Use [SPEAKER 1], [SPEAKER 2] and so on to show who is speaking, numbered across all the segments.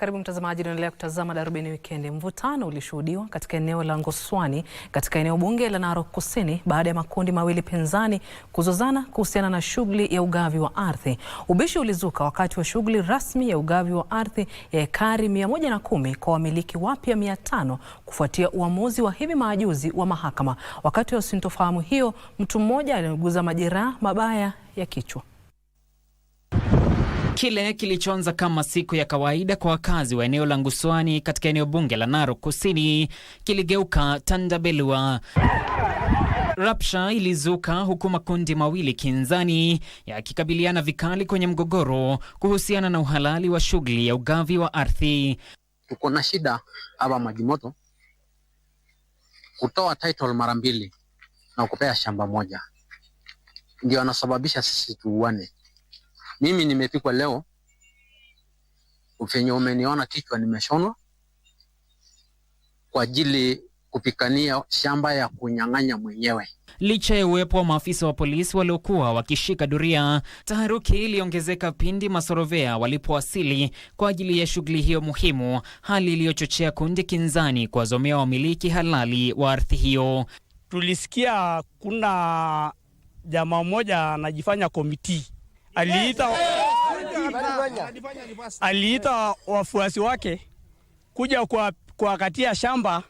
[SPEAKER 1] Karibu mtazamaji, unaendelea kutazama Darubini Wikendi. Mvutano ulishuhudiwa katika eneo la Ngoswani katika eneo bunge la Narok Kusini baada ya makundi mawili pinzani kuzozana kuhusiana na shughuli ya ugavi wa ardhi. Ubishi ulizuka wakati wa shughuli rasmi ya ugavi wa ardhi ya ekari 110 kwa wamiliki wapya 500 kufuatia uamuzi wa hivi majuzi wa mahakama. Wakati wa sintofahamu hiyo, mtu mmoja aliuguza majeraha mabaya ya kichwa.
[SPEAKER 2] Kile kilichoanza kama siku ya kawaida kwa wakazi wa eneo la Nguswani katika eneo bunge la Narok Kusini kiligeuka tandabelua. Rapsha ilizuka huku makundi mawili kinzani yakikabiliana vikali kwenye mgogoro kuhusiana na uhalali wa shughuli ya ugavi wa ardhi.
[SPEAKER 3] Tuko na shida hapa Majimoto kutoa title mara mbili na kupea shamba moja, ndio anasababisha sisi tuuane. Mimi nimepikwa leo, venye umeniona kichwa nimeshonwa kwa ajili kupikania shamba ya kunyang'anya mwenyewe.
[SPEAKER 2] Licha ya uwepo wa maafisa wa polisi waliokuwa wakishika duria taharuki iliongezeka pindi masorovea walipowasili kwa ajili ya shughuli hiyo muhimu, hali iliyochochea kundi kinzani kuwazomea wamiliki halali wa ardhi hiyo.
[SPEAKER 4] Tulisikia kuna jamaa mmoja anajifanya komitii aliita, eh, eh, aliita wafuasi wake kuja kuwakatia shamba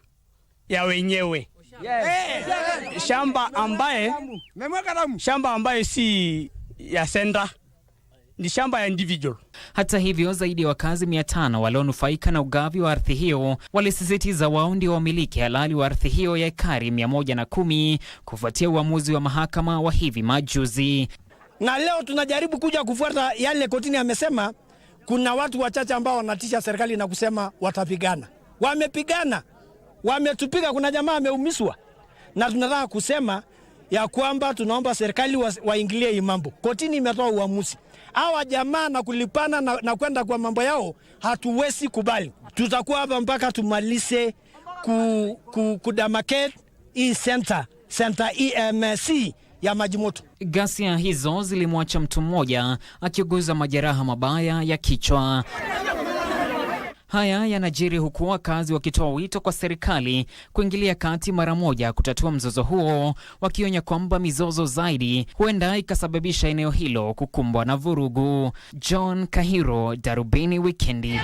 [SPEAKER 4] ya wenyewe eh, shamba ambaye shamba ambaye si ya senda ni shamba ya individual.
[SPEAKER 2] Hata hivyo, zaidi ya wakazi mia tano walionufaika na ugavi wa ardhi hiyo walisisitiza wao ndio wamiliki halali wa ardhi hiyo ya ekari mia moja na kumi kufuatia uamuzi wa mahakama wa hivi majuzi
[SPEAKER 4] na leo tunajaribu kuja kufuata yale kotini amesema. Kuna watu wachache ambao wanatisha serikali na kusema watapigana. Wamepigana, wametupiga. Kuna jamaa ameumiswa, na tunataka kusema ya kwamba tunaomba serikali waingilie hii mambo. Kotini imetoa uamuzi, hawa jamaa na kulipana na, na kwenda kwa mambo yao hatuwezi kubali. Tutakuwa hapa mpaka tumalize ku, ku, kudamakate hii center, center EMC ya moto.
[SPEAKER 2] Ghasia hizo zilimwacha mtu mmoja akiuguza majeraha mabaya ya kichwa. Haya yanajiri huku wakazi wakitoa wito kwa serikali kuingilia kati mara moja kutatua mzozo huo, wakionya kwamba mizozo zaidi huenda ikasababisha eneo hilo kukumbwa na vurugu. John Kahiro, Darubini Wikendi.